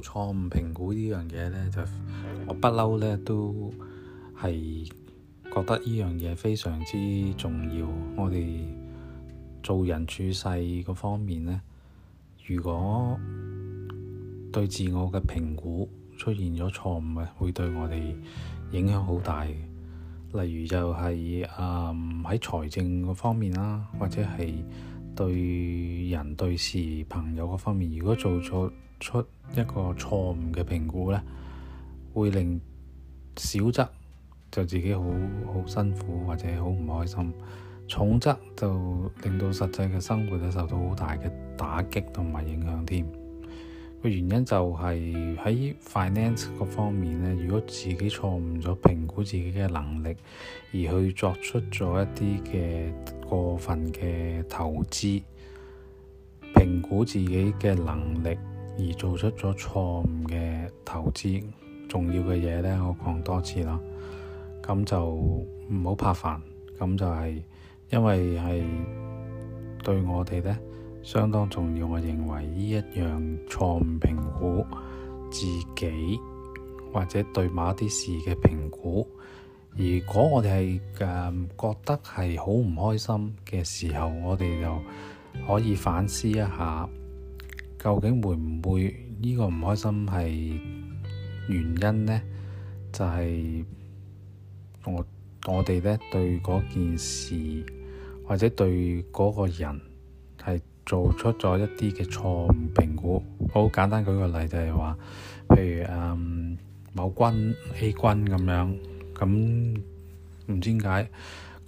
錯誤評估呢樣嘢呢，就我不嬲呢都係覺得呢樣嘢非常之重要。我哋做人處世嗰方面呢，如果對自我嘅評估出現咗錯誤啊，會對我哋影響好大。例如就係誒喺財政嗰方面啦，或者係。對人對事朋友嗰方面，如果做錯出一個錯誤嘅評估呢，會令小則就自己好好辛苦，或者好唔開心，重則就令到實際嘅生活受到好大嘅打擊同埋影響添。個原因就係喺 finance 嗰方面咧，如果自己錯誤咗評估自己嘅能力，而去作出咗一啲嘅過分嘅投資，評估自己嘅能力而做出咗錯誤嘅投資，重要嘅嘢咧，我講多次啦，咁就唔好怕煩，咁就係因為係對我哋咧。相當重要，我認為呢一樣錯誤評估自己或者對某啲事嘅評估，如果我哋係誒覺得係好唔開心嘅時候，我哋就可以反思一下，究竟會唔會呢個唔開心係原因呢？就係我我哋咧對嗰件事或者對嗰個人。做出咗一啲嘅錯誤評估，好簡單舉個例，就係話，譬如誒某君 A 君咁樣，咁唔知點解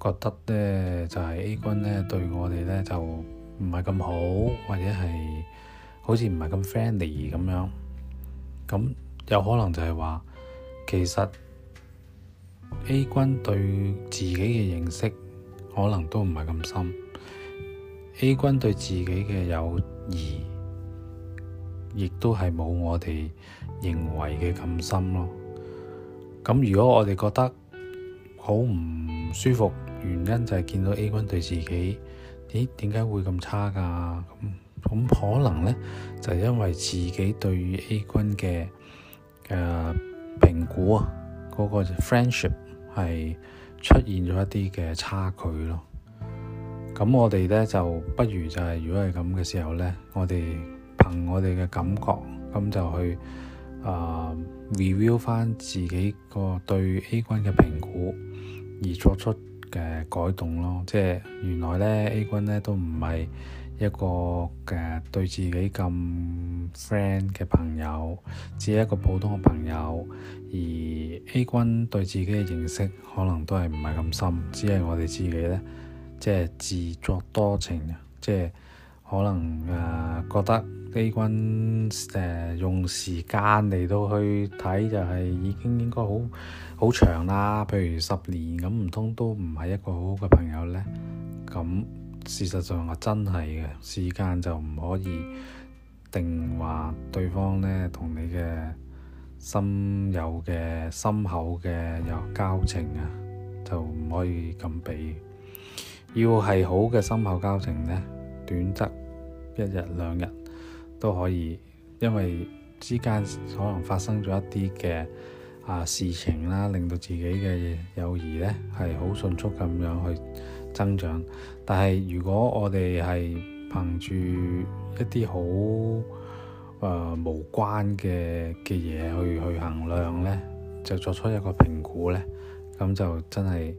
覺得咧就係 A 君咧對我哋咧就唔係咁好，或者係好似唔係咁 friendly 咁樣，咁有可能就係話，其實 A 君對自己嘅認識可能都唔係咁深。A 君對自己嘅友誼，亦都係冇我哋認為嘅咁深咯。咁如果我哋覺得好唔舒服，原因就係見到 A 君對自己，咦，點解會咁差噶？咁可能咧，就係、是、因為自己對於 A 君嘅誒評估啊，嗰、那個 friendship 係出現咗一啲嘅差距咯。咁我哋咧就不如就係，如果係咁嘅時候呢，我哋憑我哋嘅感覺，咁就去啊、呃、review 返自己個對 A 君嘅評估，而作出嘅改動咯。即係原來呢 A 君呢都唔係一個嘅對自己咁 friend 嘅朋友，只係一個普通嘅朋友。而 A 君對自己嘅認識可能都係唔係咁深，只係我哋自己呢。即係自作多情嘅，即係可能誒、呃、覺得呢君誒用時間嚟到去睇，就係已經應該好好長啦。譬如十年咁，唔通都唔係一個好好嘅朋友咧。咁事實上啊，真係嘅時間就唔可以定話對方咧同你嘅深有嘅深厚嘅有交情啊，就唔可以咁比。要係好嘅深厚交情呢，短則一日兩日都可以，因為之間可能發生咗一啲嘅啊事情啦，令到自己嘅友誼呢係好迅速咁樣去增長。但係如果我哋係憑住一啲好誒無關嘅嘅嘢去去衡量呢，就作出一個評估呢，咁就真係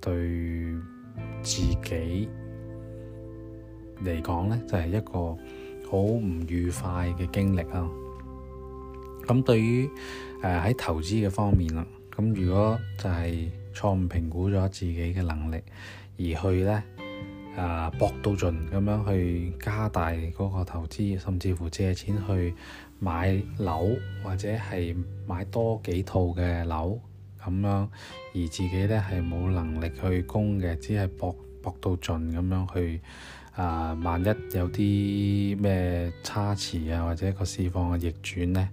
對。自己嚟講呢，就係、是、一個好唔愉快嘅經歷啊！咁對於誒喺、呃、投資嘅方面啦，咁如果就係錯誤評估咗自己嘅能力而去呢誒搏、啊、到盡咁樣去加大嗰個投資，甚至乎借錢去買樓或者係買多幾套嘅樓。咁樣，而自己呢係冇能力去供嘅，只係搏搏到盡咁樣去。啊，萬一有啲咩差池啊，或者一個市況嘅逆轉呢，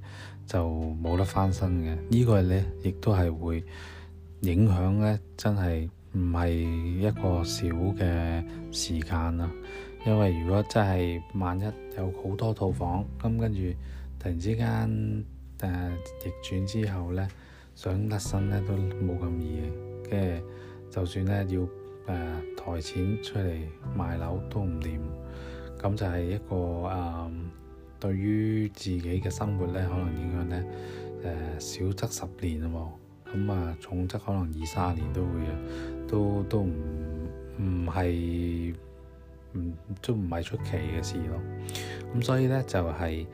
就冇得翻身嘅。呢、呢個呢，亦都係會影響呢，真係唔係一個小嘅時間啊。因為如果真係萬一有好多套房，咁跟住突然之間誒、啊、逆轉之後呢。想甩身咧都冇咁易嘅，即係就算咧要誒、呃、抬錢出嚟賣樓都唔掂，咁就係一個誒、呃、對於自己嘅生活咧可能影響咧誒少則十年啊。咁、嗯、啊重則可能二三年都會啊，都都唔唔係唔都唔係出奇嘅事咯，咁、嗯、所以咧就係、是。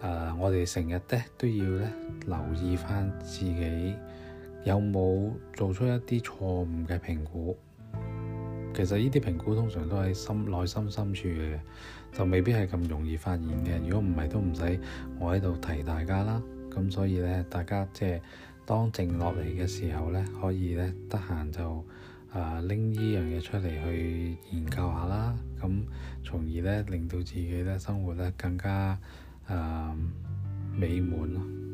誒，uh, 我哋成日咧都要咧留意翻自己有冇做出一啲錯誤嘅評估。其實呢啲評估通常都喺心內心深處嘅，就未必係咁容易發現嘅。如果唔係，都唔使我喺度提大家啦。咁所以咧，大家即係當靜落嚟嘅時候咧，可以咧得閒就誒拎呢樣嘢出嚟去研究下啦。咁從而咧，令到自己咧生活咧更加。誒，美滿咯～、um,